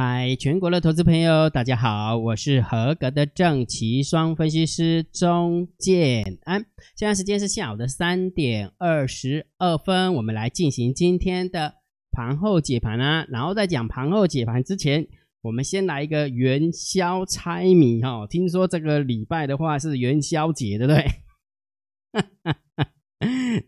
嗨，全國的投資朋友，大家好，我是合格的證期雙分析師鍾建安。現在時間是下午的三點二十二分，我們來進行今天的盤後解盤啊。然後在講盤後解盤之前，我們先來一個元宵猜謎哈、哦。聽說這個禮拜的話是元宵節，對不對？哈哈。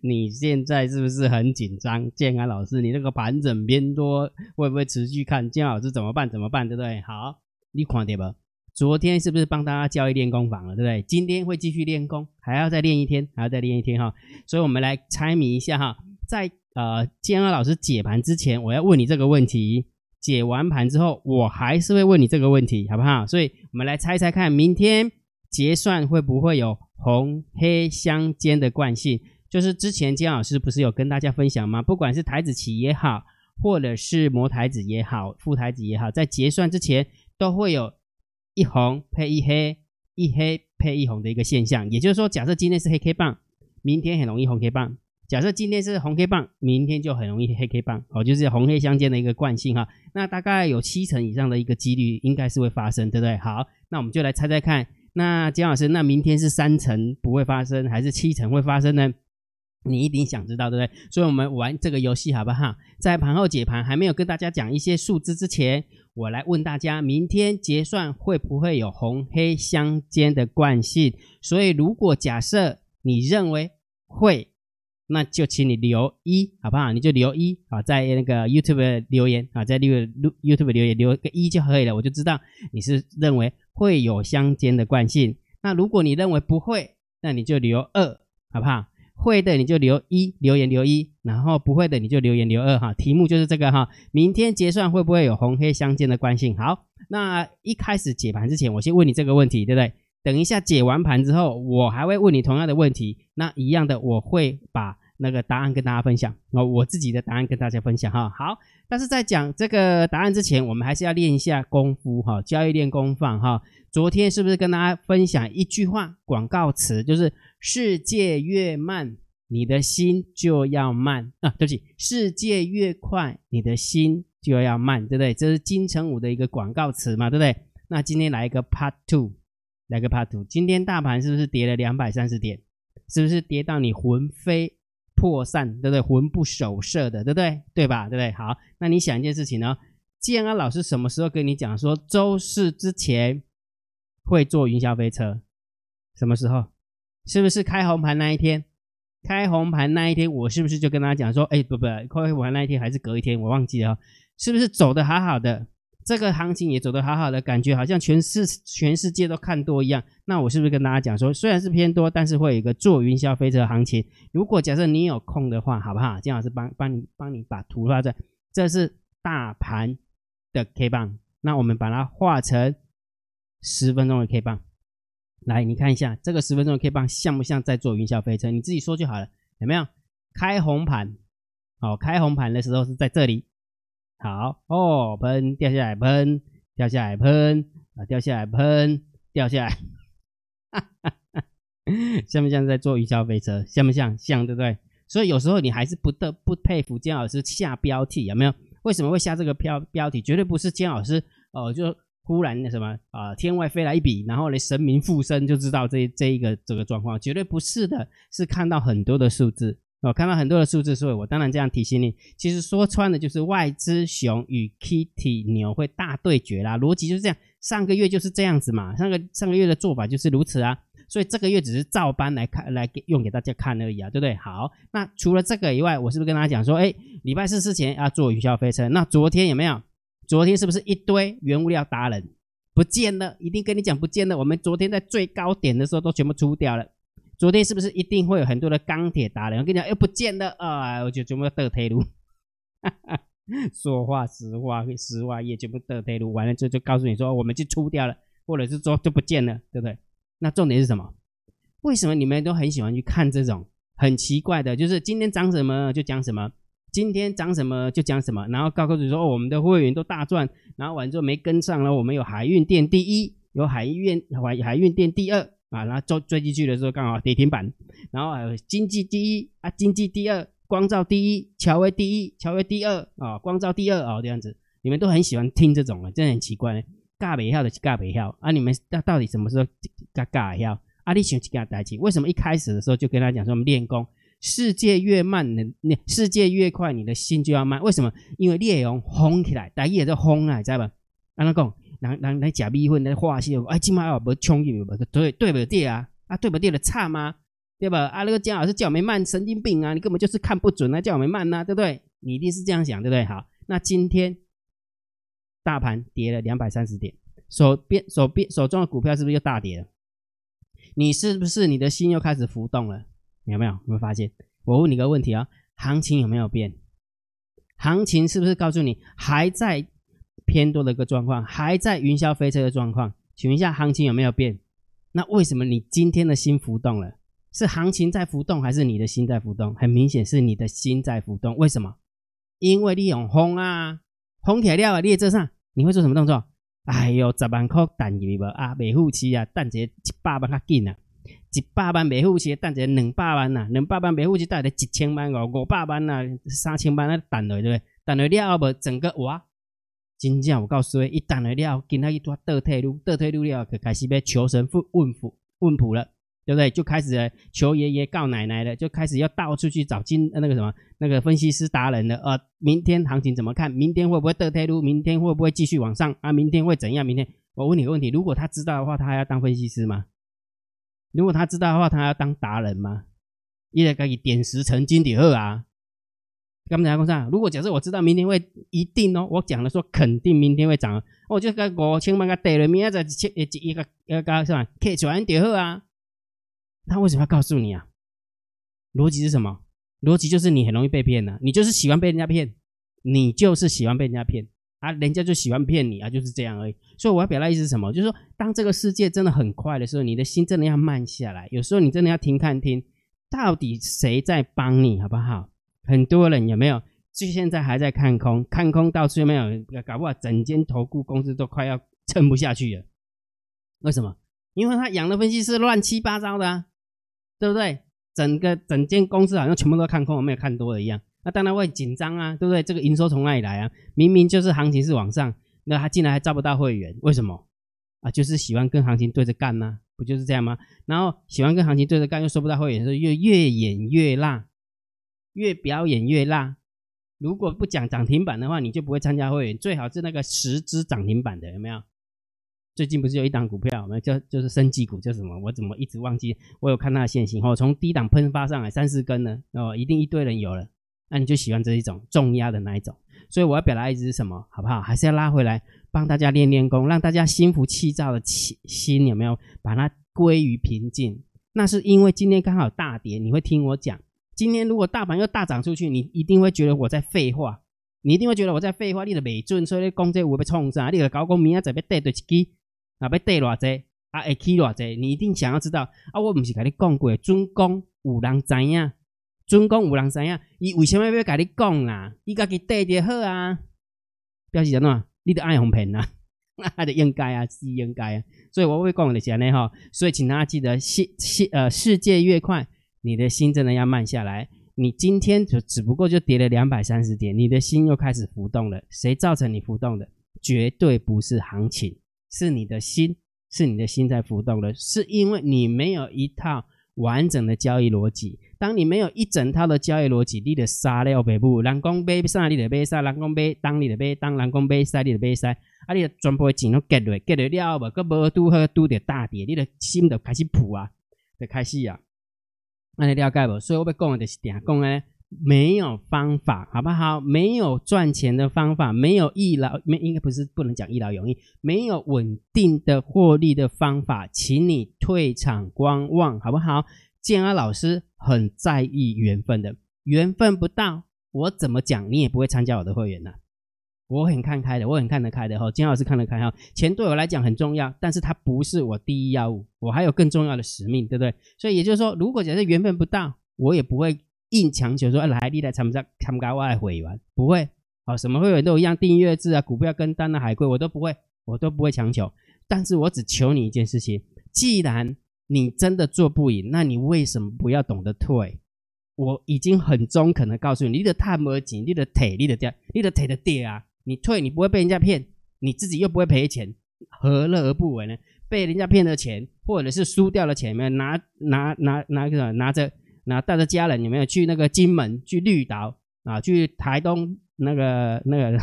你現在是不是很緊張？建安老師，你那個盤整偏多，會不會持續看？建安老師怎麼辦？怎麼辦？對不對？好，你看對吧？昨天是不是幫大家交易練功房了？對不對？今天會繼續練功，還要再練一天，還要再練一天哈、哦。所以，我們來猜謎一下哈。在呃建安老師解盤之前，我要問你這個問題。解完盤之後，我還是會問你這個問題，好不好？所以，我們來猜猜看，明天結算會不會有紅黑相間的慣性？就是之前金老師不是有跟大家分享嗎？不管是台指期也好，或者是摩台指也好，富台指也好，在結算之前都會有一紅配一黑，一黑配一紅的一個現象。也就是說，假設今天是黑 K 棒，明天很容易紅 K 棒；假設今天是紅 K 棒，明天就很容易黑 K 棒。哦，就是紅黑相間的一個慣性哈。那大概有七成以上的一個幾率應該是會發生，對不對？好，那我們就來猜猜看。那金老師，那明天是三成不會發生，還是七成會發生呢？你一定想知道，對不對？所以我們玩這個遊戲好不好？在盤後解盤還沒有跟大家講一些數字之前，我來問大家：明天結算會不會有紅黑相間的慣性？所以，如果假設你認為會，那就請你留一，好不好？你就留一啊，在那個 YouTube 留言啊，在那個 YouTube 留言留個一就可以了，我就知道你是認為會有相間的慣性。那如果你認為不會，那你就留二，好不好？會的你就留一，留言留一，然後不會的你就留言留二哈。題目就是這個哈，明天結算會不會有紅黑相間的關係？好，那一開始解盤之前，我先問你這個問題，對不對？等一下解完盤之後，我還會問你同樣的問題，那一樣的我會把那個答案跟大家分享，我自己的答案跟大家分享哈。好，但是在講這個答案之前，我們還是要練一下功夫哈，交易練功放。哈。昨天是不是跟大家分享一句話廣告詞，就是？世界越慢，你的心就要慢啊！對不起，世界越快，你的心就要慢，對不對？這是金城武的一個廣告詞嘛，對不對？那今天來一個 Part Two，來個 Part Two。今天大盤是不是跌了兩百三十點？是不是跌到你魂飛魄散，對不對？魂不守舍的，對不對？對吧？對不對？好，那你想一件事情呢、哦？建安老師什麼時候跟你講說周四之前會坐雲霄飛車？什麼時候？是不是開紅盤那一天？開紅盤那一天，我是不是就跟大家講說，哎、欸，不不，開紅盤那一天還是隔一天，我忘記了。是不是走的好好的？這個行情也走的好好的，感覺好像全世全世界都看多一樣。那我是不是跟大家講說，雖然是偏多，但是會有一個坐雲霄飛車行情。如果假設你有空的話，好不好？金老師幫幫你幫你把圖發在，這是大盤的 K 棒，那我們把它畫成十分鐘的 K 棒。來，你看一下這個十分鐘的 K 棒像不像在坐雲霄飛車？你自己說就好了，有沒有？開紅盤，好、哦，開紅盤的時候是在這裡，好哦，噴掉下來，噴掉下來，噴啊，掉下來，噴掉下來，哈哈哈，像不像在坐雲霄飛車？像不像？像對不對？所以有時候你還是不得不佩服姜老師下標題，有沒有？為什麼會下這個標標題？絕對不是姜老師哦，就。突然那什麼啊、呃，天外飛來一筆，然後嘞，神明附身就知道這這一個這個狀況，絕對不是的，是看到很多的數字哦，看到很多的數字，所以我當然這樣提醒你，其實說穿了就是外資熊與 Kitty 牛會大對決啦，邏輯就是這樣，上個月就是這樣子嘛，上個上個月的做法就是如此啊，所以這個月只是照搬來看，來給用給大家看而已啊，對不對？好，那除了這個以外，我是不是跟大家講說，哎，禮拜四之前要坐雲霄飛車，那昨天有沒有？昨天是不是一堆原物料達人不見了？一定跟你講不見了。我們昨天在最高點的時候都全部出掉了。昨天是不是一定會有很多的鋼鐵達人？我跟你講又、欸、不見了啊！我就全部倒退嚕，哈哈，說話實話，實話也全部倒退嚕。完了之後就告訴你說，我們就出掉了，或者是說就不見了，對不對？那重點是什麼？為什麼你們都很喜歡去看這種很奇怪的？就是今天漲什麼就講什麼。今天漲什麼就講什麼，然後高科主說：“哦，我們的會員都大賺。”然後完之後沒跟上了，我們有海運店第一，有海運海海運店第二啊。然後追追進去的時候剛好跌停板，然後還有經濟第一啊，經濟第二，光照第一，橋威第一，橋威第二啊，光照第二啊，這樣子，你們都很喜歡聽這種啊，真的很奇怪。尬尾效的去尬尾效啊，你們到到底什麼時候尬尬效？啊，你喜歡去跟他在一起，為什麼一開始的時候就跟他講說我們練功？世界越慢，你你世界越快，你的心就要慢。為什麼？因為烈陽轟起來，打一葉就轟啊，知道吧？阿那講，那那那假逼會那話些，哎，起碼要不衝一，對對不對啊？啊，對不對的差嗎？對吧？啊，那個姜老師叫我們慢，神經病啊！你根本就是看不準啊，叫我們慢啊，對不對？你一定是這樣想，對不對？好，那今天大盤跌了兩百三十點，手邊手邊手中的股票是不是又大跌了？你是不是你的心又開始浮動了？有沒有？有沒有發現？我問你個問題啊、哦，行情有沒有變？行情是不是告訴你還在偏多的一個狀況，還在雲霄飛車的狀況？請問一下，行情有沒有變？那為什麼你今天的心浮動了？是行情在浮動，還是你的心在浮動？很明顯是你的心在浮動。為什麼？因為你用轟啊，轟鐵料啊，列車上你會做什麼動作？哎呦，十萬塊等你無啊，未付期啊，等一下一百萬較緊啊。一百萬買不起，等著兩百萬吶、啊，兩百萬買不起，等著一千萬哦，五百萬吶，三千萬啊，賺了對不對？賺落了後無，整個哇，真正我告訴你，一賺落了後，今一去倒退嚕，倒退嚕了就開始要求神父問父問卜了，對不對？就開始求爺爺告奶奶了，就開始要到處去找金那個什麼那個分析師達人了啊、呃！明天行情怎麼看？明天會不會倒退嚕？明天會不會繼續往上？啊，明天會怎樣？明天我問你個問題，如果他知道的話，他還要當分析師嗎？如果他知道的話，他，他要當達人嗎？也該以點石成金的二啊，跟我們講過，如果假設我知道明天會一定哦、喔，我講了說肯定明天會漲、喔，我就該五千萬個得了，明天在一千會一個一個加上，可以賺就好啊。他為什麼要告訴你啊？邏輯是什麼？邏輯就是你很容易被騙啊，你就是喜歡被人家騙，你就是喜歡被人家騙。啊，人家就喜歡騙你啊，就是這樣而已。所以我要表達的意思是什麼？就是說，當這個世界真的很快的時候，你的心真的要慢下來。有時候你真的要聽、看、聽，到底誰在幫你，好不好？很多人有沒有？就現在還在看空，看空到處沒有，搞不好整間投顧公司都快要撐不下去了。為什麼？因為他養的分析師亂七八糟的，啊，對不對？整個整間公司好像全部都看空，沒有看多的一樣。那當然會緊張啊，對不對？這個營收從哪裡來啊？明明就是行情是往上，那他竟然還招不到會員，為什麼？啊，就是喜歡跟行情對着幹吶、啊，不就是這樣嗎？然後喜歡跟行情對着幹，又收不到會員，是越，越演越爛。越表演越爛，如果不講漲停板的話，你就不會參加會員，最好是那個十只漲停板的，有沒有？最近不是有一檔股票，我叫就，就是生技股，叫什麼？我怎麼一直忘記？我有看它的線形，哦，從低檔噴發上來三四根呢，哦，一定一堆人有了。那、啊、你就喜歡這一種重壓的那一種，所以我要表達一直是什麼，好不好？還是要拉回來幫大家練練功，讓大家心浮氣躁的心，有沒有把它歸於平靜？那是因為今天剛好有大跌，你會聽我講。今天如果大盤又大漲出去，你一定會覺得我在廢話，你一定會覺得我在廢話，你都未準。所以說你講這話被創啥？你個搞講明仔仔要跌多幾？啊要跌偌濟？啊會起偌濟？你一定想要知道。啊，我唔是跟你講過，尊功無人知影。尊公有人知影，伊為什麼要甲你講啊？你家己對著好啊，表示啥麼？你的愛紅盆啊，還 得應該啊，是應該啊。所以我會講的是按呢，哈，所以請大家記得，世世呃，世界越快，你的心真的要慢下來。你今天就只不過就跌了兩百三十點，你的心又開始浮動了。誰造成你浮動的？絕對不是行情，是你的心，是你的心在浮動了。是因為你沒有一套完整的交易邏輯，當你沒有一整套的交易邏輯，你的殺掉北部人講買，殺你的買殺人講買，當你的買當人講買，殺你的買殺，啊，你全部錢攏結落，結落了無，佫無拄好拄着，你大跌，你的心就開始浮啊，就開始啊，安尼了解無所以我要講的就是定講安。沒有方法，好不好？沒有賺錢的方法，沒有一勞沒應該不是不能講一勞永逸，沒有穩定的獲利的方法，請你退場觀望，好不好？建安、啊、老師很在意緣分的，緣分不到，我怎麼講你也不會參加我的會員吶、啊。我很看開的，我很看得開的哈、哦。建安老師看得開哈、哦，錢對我來講很重要，但是它不是我第一要務，我還有更重要的使命，對不對？所以也就是說，如果假設緣分不到，我也不會。硬強求說來，你來參不參加我愛會員不會，好、哦、什麼會員都一樣，訂閱制啊，股票跟單啊，海龜我都不會，我都不會強求。但是我只求你一件事情，既然你真的做不贏，那你為什麼不要懂得退？我已經很中肯的告訴你，你的探不金，你的腿，你的跌，你的腿的跌啊，你退，你不會被人家騙，你自己又不會賠錢，何樂而不為呢？被人家騙了錢，或者是輸掉了錢，拿拿拿拿拿着拿着。然後帶着家人有沒有去那個金門，去綠島啊，去台東那個那個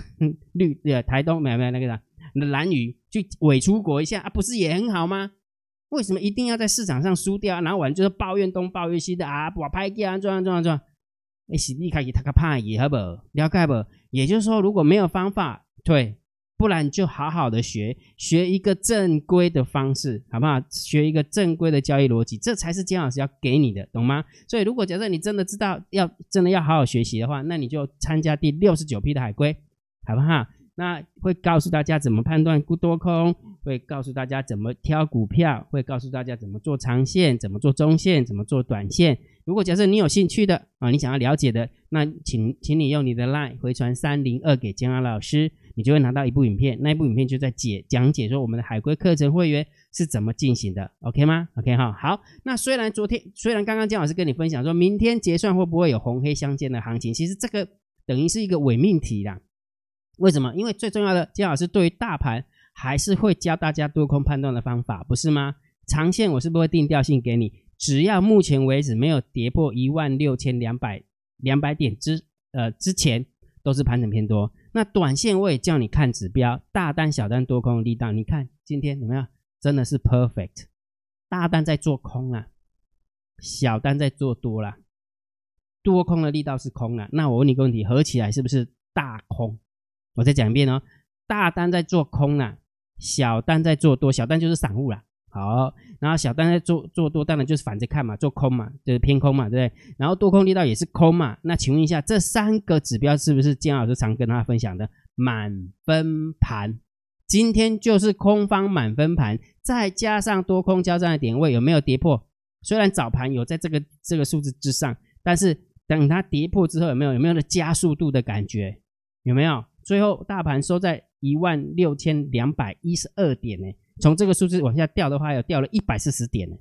綠呃台東沒有沒有那個的蘭嶼，去偽出國一下啊，不是也很好嗎？為什麼一定要在市場上輸掉啊？然後我們就是抱怨東抱怨西的啊，我拍掉轉轉轉撞啊撞，哎，是你可以他個怕也好不？了解不？也就是說，如果沒有方法，對。不然就好好的學，學一個正規的方式，好不好？學一個正規的交易邏輯，這才是姜老師要給你的，懂嗎？所以，如果假設你真的知道要真的要好好學習的話，那你就參加第六十九批的海龜，好不好？那會告訴大家怎麼判斷股多空，會告訴大家怎麼挑股票，會告訴大家怎麼做長線，怎麼做中線，怎麼做短線。如果假設你有興趣的啊，你想要了解的，那請請你用你的 line 回傳三零二給姜老師。你就會拿到一部影片，那一部影片就在解，講解說我們的海龜課程會員是怎麼進行的，OK 嗎？OK 哈，好。那雖然昨天，雖然剛剛姜老師跟你分享說，明天結算會不會有紅黑相間的行情，其實這個等於是一個偽命題啦。為什麼？因為最重要的，姜老師對於大盤還是會教大家多空判斷的方法，不是嗎？長線我是不會定調性給你，只要目前為止沒有跌破一萬六千兩百兩百點之呃之前都是盤整偏多。那短線我也叫你看指標，大單、小單、多空的力道，你看今天怎麼樣？真的是 perfect，大單在做空啊，小單在做多啦、啊，多空的力道是空了、啊。那我問你個問題，合起來是不是大空？我再講一遍哦，大單在做空啊，小單在做多，小單就是散戶啦。好，然後小單在做做多，當然就是反着看嘛，做空嘛，就是偏空嘛，對不對？然後多空力道也是空嘛。那請問一下，這三個指標是不是建老師常跟大家分享的滿分盤？今天就是空方滿分盤，再加上多空交戰的點位有沒有跌破？雖然早盤有在這個這個數字之上，但是等它跌破之後有沒有有沒有那加速度的感覺？有沒有？最後大盤收在一萬六千兩百一十二點呢、欸？從這個數字往下掉的話，有掉了一百四十點呢，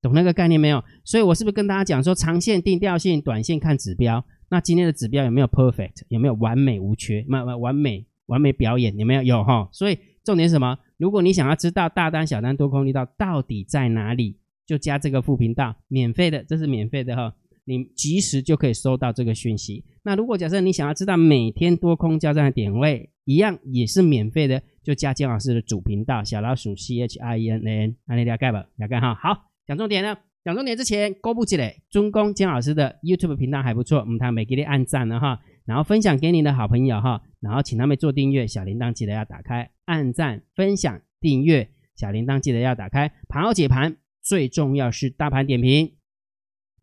懂那個概念沒有？所以我是不是跟大家講說，長線定調性，短線看指標？那今天的指標有沒有 perfect？有沒有完美無缺？完完美完美表演？有沒有？有哈。所以重點是什麼？如果你想要知道大單、小單、多空力道到底在哪裡，就加這個副頻道，免費的，這是免費的哈。你即時就可以收到這個訊息。那如果假設你想要知道每天多空交戰的點位，一樣也是免費的。就加建老師的主頻道小老鼠 c h i n n 那你那條蓋吧，蓋哈。好，講重點呢。講重點之前，勾布積累。中公建老師的 YouTube 頻道還不錯，我們他每給你按讚了、啊、哈。然後分享給你的好朋友哈，然後請他們做訂閱。小鈴鐺記得要打開，按讚、分享、訂閱。小鈴鐺記得要打開。盤後解盤最重要是大盤點評，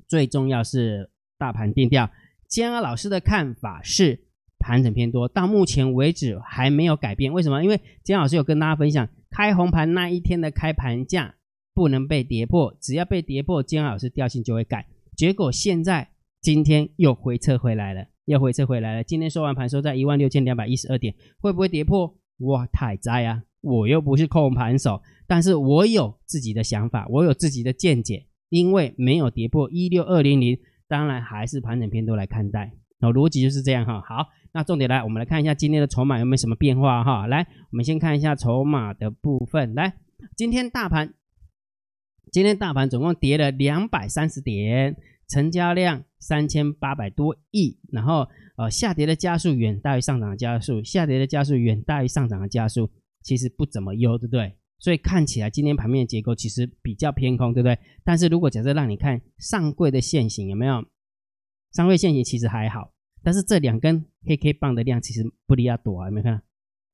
最重要是大盤定調。建安老師的看法是。盤整偏多，到目前為止還沒有改變。為什麼？因為姜老師有跟大家分享，開紅盤那一天的開盤價不能被跌破，只要被跌破，姜老師調性就會改。結果現在今天又回撤回來了，又回撤回來了。今天收完盤收在一萬六千兩百一十二點，會不會跌破？哇，太災啊！我又不是控盤手，但是我有自己的想法，我有自己的見解。因為沒有跌破一六二零零，16200, 當然還是盤整偏多來看待。然後邏輯就是這樣哈。好。那重點來，我們來看一下今天的籌碼有沒有什麼變化哈。來，我們先看一下籌碼的部分。來，今天大盤，今天大盤總共跌了兩百三十點，成交量三千八百多億，然後呃下跌的加速遠大於上漲的加速，下跌的加速遠大於上漲的加速，其實不怎麼優，對不對？所以看起來今天盤面結構其實比較偏空，對不對？但是如果假設讓你看上櫃的線型，有沒有？上櫃線型其實還好。但是這兩根黑 K 棒的量其實不利。要多啊，有沒有看到？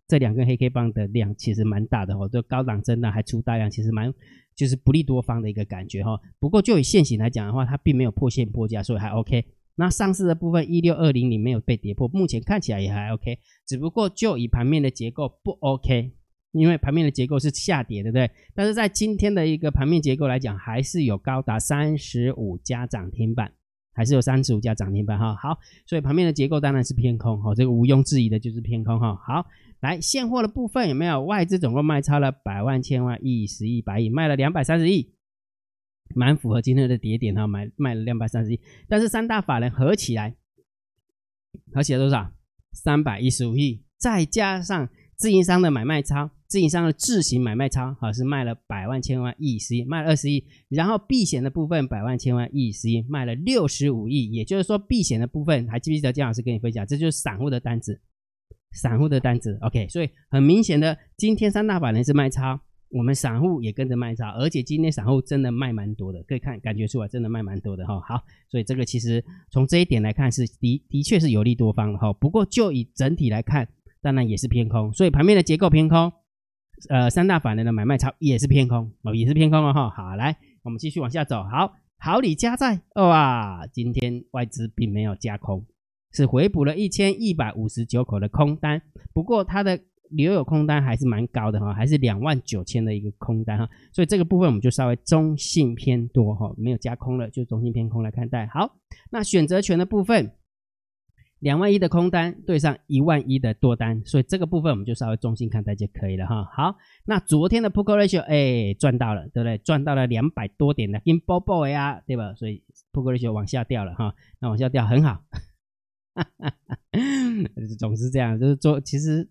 這兩根黑 K 棒的量其實蠻大的哈、哦，就高檔真的還出大量，其實蠻就是不利多方的一個感覺哈、哦。不過就以現行來講的話，它並沒有破線破價，所以還 OK。那上市的部分一六二零零沒有被跌破，目前看起來也還 OK。只不過就以盤面的結構不 OK，因為盤面的結構是下跌，對不對？但是在今天的一個盤面結構來講，還是有高達三十五家漲停板。還是有三十五家漲停板哈，好，所以盤面的結構當然是偏空哈，這個毋庸置疑的就是偏空哈，好，來現貨的部分有沒有外資總共賣超了百萬千萬億十億百億，賣了兩百三十億，蠻符合今天的跌點哈，買賣了兩百三十億，但是三大法人合起來合起來多少？三百一十五億，再加上自營商的買賣超。自營商的自行買賣超，哈，是賣了百萬千萬億十億，賣了二十億，然後避險的部分百萬千萬億十億賣了六十五億，也就是說避險的部分還記不記得江老師跟你分享，這就是散戶的單子，散戶的單子，OK，所以很明顯的今天三大法人是賣超，我們散戶也跟着賣超，而且今天散戶真的賣蠻多的，可以看感覺出來真的賣蠻多的哈，好，所以這個其實從這一點來看是的，的確是有利多方的哈，不過就以整體來看，當然也是偏空，所以盤面的結構偏空。呃，三大法人的買賣超也是偏空，哦，也是偏空哦，哈，好，來，我們繼續往下走，好，好，李家在，啊，今天外資並沒有加空，是回補了一千一百五十九口的空單，不過它的留有空單還是蠻高的哈、哦，還是兩萬九千的一個空單哈、哦，所以這個部分我們就稍微中性偏多哈、哦，沒有加空了，就中性偏空來看待，好，那選擇權的部分。兩萬一的空單對上一萬一的多單，所以這個部分我們就稍微中性看待就可以了哈。好，那昨天的 Put Call Ratio 哎賺到了對不對？賺到了兩百多點了補補的金包包呀，對吧？所以 Put Call Ratio 往下掉了哈，那往下掉很好，哈哈哈總是這樣，就是做其實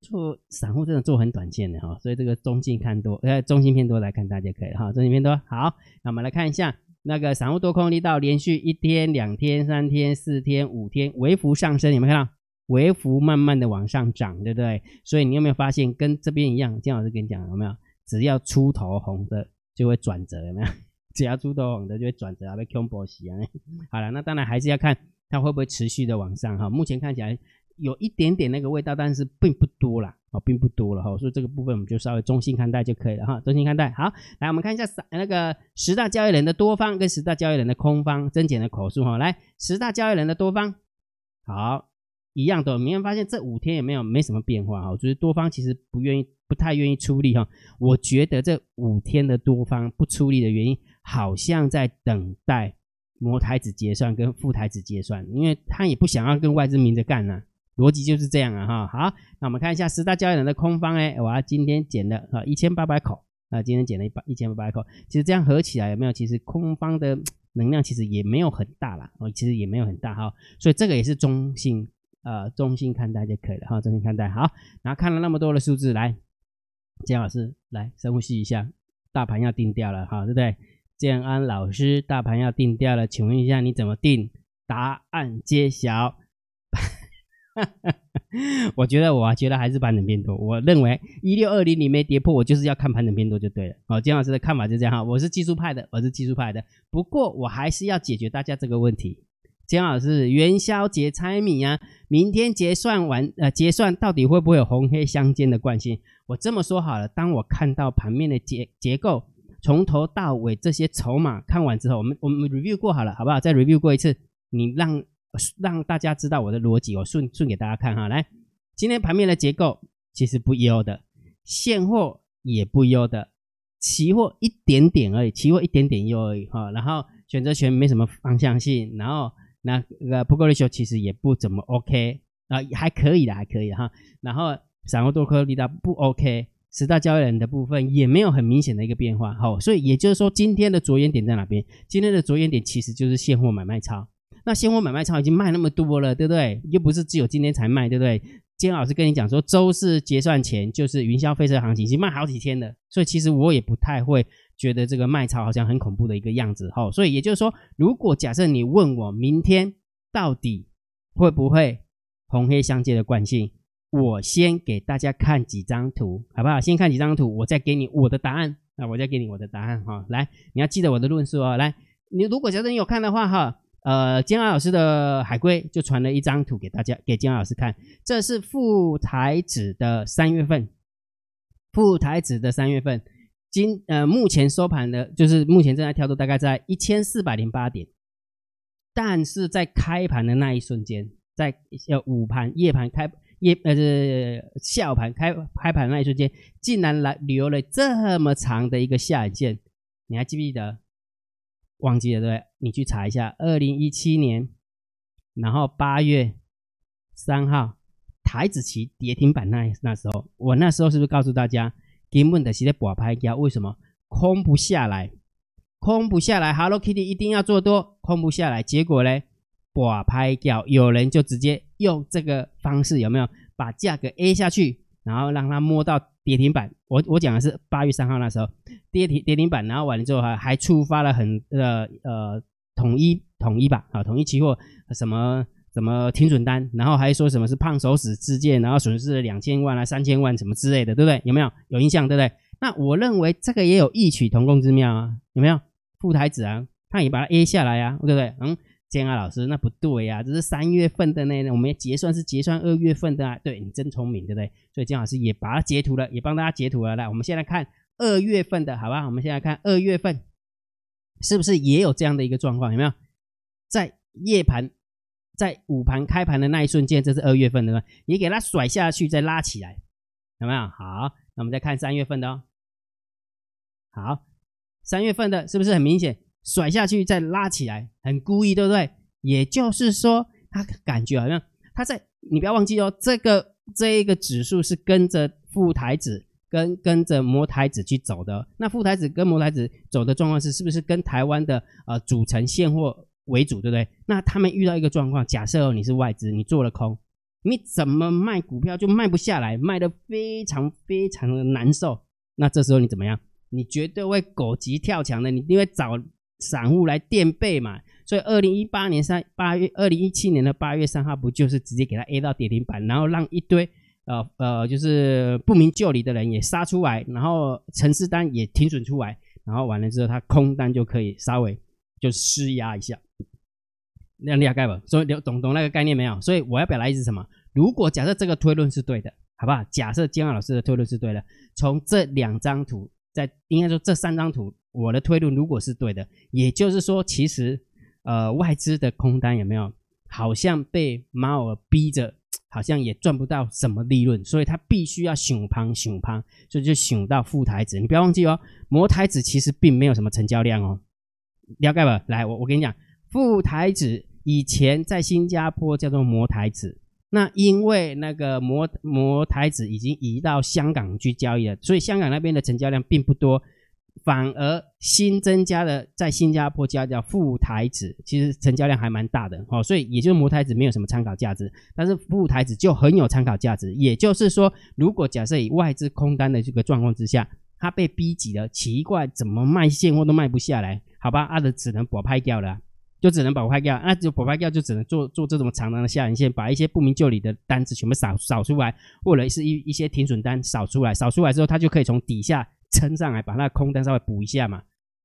做散戶真的做很短線的哈，所以這個中性看多呃，中性偏多來看大家可以了哈，中性偏多好。那我們來看一下。那個散戶多空力道連續一天、兩天、三天、四天、五天，微幅上升，有沒有看到？微幅慢慢的往上漲，對不對？所以你有沒有發現跟這邊一樣？江老師跟你講，有沒有？只要出頭紅的就會轉折，有沒有？只要出頭紅的就會轉折啊，被空波襲啊！好了，那當然還是要看它會不會持續的往上哈、啊。目前看起來。有一點點那個味道，但是並不多啦，啊、哦，並不多了哈、哦，所以這個部分我們就稍微中性看待就可以了哈，中性看待。好，來我們看一下那個十大交易人的多方跟十大交易人的空方增減的口數哈、哦，來，十大交易人的多方，好，一樣的，你會發現這五天也沒有沒什麼變化哈、哦，就是多方其實不願意，不太願意出力哈、哦。我覺得這五天的多方不出力的原因，好像在等待摩台子結算跟副台子結算，因為他也不想要跟外資明着幹呢、啊。邏輯就是這樣啊哈，好，那我們看一下十大交易人的空方哎，我要今天減了啊一千八百口，啊今天減了一百一千八百口，其實這樣合起來有沒有？其實空方的能量其實也沒有很大啦，哦，其實也沒有很大哈，所以這個也是中性，呃，中性看待就可以了哈，中性看待好，然後看了那麼多的數字來，建安老師，來深呼吸一下，大盤要定調了哈，對不對？建安老師，大盤要定調了，請問一下你怎麼定？答案揭曉。 我覺得我、啊，我覺得還是盤整偏多。我認為一六二零你沒跌破，我就是要看盤整偏多就對了。好、哦，姜老師的看法就這樣哈、啊。我是技術派的，我是技術派的。不過我還是要解決大家這個問題。薑老師，元宵節猜謎啊？明天結算完，呃，結算到底會不會有紅黑相間的慣性？我這麼說好了，當我看到盤面的結結構從頭到尾這些籌碼看完之後，我們我們 review 過好了，好不好？再 review 過一次，你讓。讓大家知道我的邏輯，我順順，順給大家看哈。來，今天盤面的結構其實不優的，現貨也不優的，期貨一點點而已，期貨一點點優而已哈。然後選擇權沒什麼方向性，然後那個 Put Call ratio 其實也不怎麼 OK 啊，還可以的，還可以哈。然後散戶多顆利的不 OK，十大交易人的部分也沒有很明顯的一個變化。好，所以也就是說，今天的着眼點在哪邊？今天的着眼點其實就是現貨買賣超。那現貨買賣超已經賣那麼多了，對不對？又不是只有今天才賣，對不對？今天老師跟你講說，週四結算前就是雲霄飛車行情，已經賣好幾天了，所以其實我也不太會覺得這個賣超好像很恐怖的一個樣子，哈。所以也就是說，如果假設你問我明天到底會不會紅黑相接的慣性，我先給大家看幾張圖，好不好？先看幾張圖，我再給你我的答案。那我再給你我的答案，哈。來，你要記得我的論述哦。來，你如果假設你有看的話，哈。呃，建安老師的海龜就傳了一張圖給大家，給建安老師看。這是富台指的三月份，富台指的三月份，今呃目前收盤的，就是目前正在跳動，大概在一千四百零八點。但是在開盤的那一瞬間，在呃午盤、夜盤開夜呃是下午盤開開盤那一瞬間，竟然來留了這麼長的一個下影線，你還記不記得？忘記了對不對，你去查一下二零一七年，然後八月三號台指期跌停板那那時候，我那時候是不是告訴大家，根本的是在掛拍掉，為什麼空不下來，空不下來，Hello Kitty 一定要做多，空不下來，結果呢，掛拍掉，有人就直接用這個方式有沒有把價格 A 下去，然後讓他摸到。跌停板，我我講的是八月三號那時候跌停跌停板，然後完了之後哈，還觸發了很呃呃統一統一吧啊，統一期貨什麼什麼停損單，然後還說什麼是胖手指自薦，然後損失了兩千萬啊三千萬什麼之類的，對不對？有沒有有印象，對不對？那我認為這個也有異曲同工之妙啊，有沒有？富台子啊，他也把它 A 下來啊，對不對？嗯。建安、啊、老師，那不對呀，啊，這是三月份的那，我們也結算是結算二月份的啊。對，你真聰明，對不對？所以建安老師也把它截圖了，也幫大家截圖了。來，我們先來看二月份的，好吧？我們先來看二月份是不是也有這樣的一個狀況，有沒有？在夜盤、在午盤、開盤的那一瞬間，這是二月份的嘛？你給它甩下去再拉起來，有沒有？好，那我們再看三月份的哦。好，三月份的是不是很明顯？甩下去再拉起來，很故意，對不對？也就是說，他感覺好像他在，你不要忘記哦，這個這一個指數是跟着富台指跟跟着摩台指去走的。那富台指跟摩台指走的狀況是，是不是跟台灣的呃組成現貨為主，對不對？那他們遇到一個狀況，假設你是外資，你做了空，你怎麼賣股票就賣不下來，賣得非常非常的難受。那這時候你怎麼樣？你絕對會狗急跳牆的，你因為找散戶來墊背嘛，所以二零一八年三八月，二零一七年的八月三號不就是直接給他 A 到跌停板，然後讓一堆呃呃就是不明就裡的人也殺出來，然後程式單也停損出來，然後完了之後他空單就可以稍微就施壓一下，讓壓蓋吧，所以懂懂那個概念沒有？所以我要表達意思什麼？如果假設這個推論是對的，好不好？假設建安老師的推論是對的，從這兩張圖，在應該說這三張圖。我的推論如果是對的，也就是說，其實，呃，外資的空單有沒有好像被貓兒逼着，好像也賺不到什麼利潤，所以他必須要熊盤熊盤，所以就熊到富台指。你不要忘記哦，摩台指其實並沒有什麼成交量哦，了解吧？來，我我跟你講，富台指以前在新加坡叫做摩台指，那因為那個摩摩台指已經移到香港去交易了，所以香港那邊的成交量並不多。反而新增加的在新加坡加叫富台指，其實成交量還蠻大的哦，所以也就是摩台指沒有什麼參考價值，但是富台指就很有參考價值。也就是說，如果假設以外資空單的這個狀況之下，它被逼急了，奇怪怎麼賣現貨都賣不下來，好吧，那只能補拍掉了，就只能補拍掉，那，啊，就補拍掉，啊，掉就只能做做這種長長的下影線，把一些不明就裡的單子全部掃掃出來，或者是一一些停損單掃出來，掃出來之後，它就可以從底下。撐上來把那個空單稍微補一下嘛，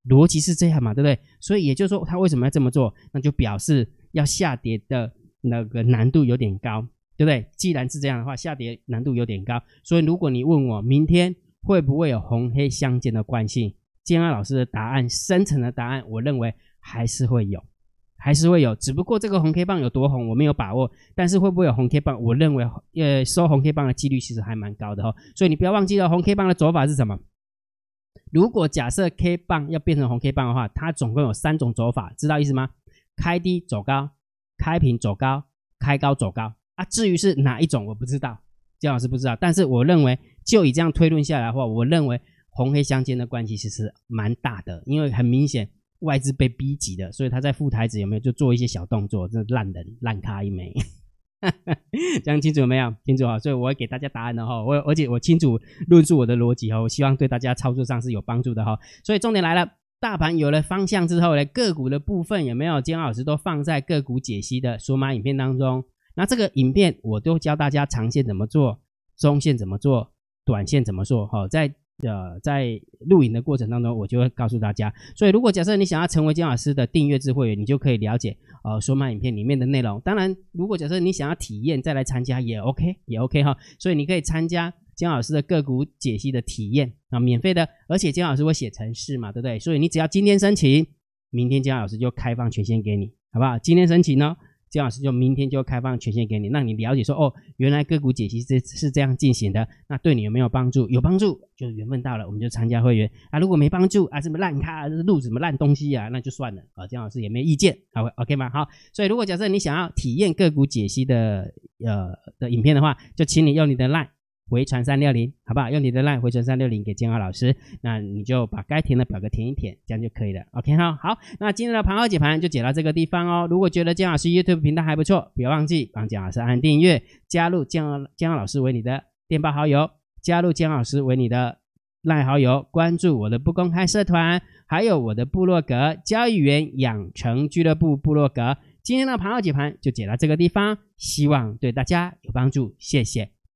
邏輯是這樣嘛，對不對？所以也就是說他為什麼要這麼做，那就表示要下跌的那個難度有點高，對不對？既然是這樣的話，下跌難度有點高，所以如果你問我明天會不會有紅黑相間的慣性，建安老師的答案，深層的答案，我認為還是會有，還是會有。只不過這個紅 K 棒有多紅，我沒有把握，但是會不會有紅 K 棒，我認為呃收紅 K 棒的幾率其實還蠻高的哈、哦。所以你不要忘記了紅 K 棒的走法是什麼？如果假設 K 棒要變成紅 K 棒的話，它總共有三種走法，知道意思嗎？開低走高，開平走高，開高走高啊。至於是哪一種，我不知道，姜老師不知道。但是我認為，就以這樣推論下來的話，我認為紅黑相間的關係其實蠻大的，因為很明顯外資被逼急的，所以他在副台子有沒有就做一些小動作？這爛人爛咖一枚。講 清楚沒有？清楚哈，所以我會給大家答案的哈。我而且我清楚論述我的邏輯哈，我希望對大家操作上是有幫助的哈。所以重點來了，大盤有了方向之後呢，個股的部分有沒有？建安老師都放在個股解析的數碼影片當中。那這個影片我都教大家長線怎麼做，中線怎麼做，短線怎麼做。好，在呃，在錄影的過程當中，我就會告訴大家。所以，如果假設你想要成為江老師的訂閱制會員，你就可以了解呃，說慢影片裡面的內容。當然，如果假設你想要體驗再來參加也 OK，也 OK 哈。所以你可以參加江老師的個股解析的體驗啊，免費的。而且江老師會寫程式嘛，對不對？所以你只要今天申請，明天江老師就開放權限給你，好不好？今天申請呢、哦？姜老師就明天就開放權限給你，讓你了解說哦，原來個股解析是是這樣進行的，那對你有沒有幫助？有幫助就緣分到了，我們就參加會員啊。如果沒幫助啊，什麼爛咖，錄什麼爛東西啊，那就算了啊。姜老師也沒有意見，好，啊，OK 嗎？好，所以如果假設你想要體驗個股解析的呃的影片的話，就請你用你的 LINE。回傳三六零，好不好？用你的賴回傳三六零給建安老師。那你就把該填的表格填一填，這樣就可以了。OK，好好。那今天的盤後解盤就解到這個地方哦。如果覺得建安老師 YouTube 頻道還不錯，不要忘記幫建安老師按訂閱，加入建安建安老師為你的電報好友，加入建安老師為你的賴好友，關注我的不公開社團，還有我的部落格交易員養成俱樂部部落格。今天的盤後解盤就解到這個地方，希望對大家有幫助。謝謝。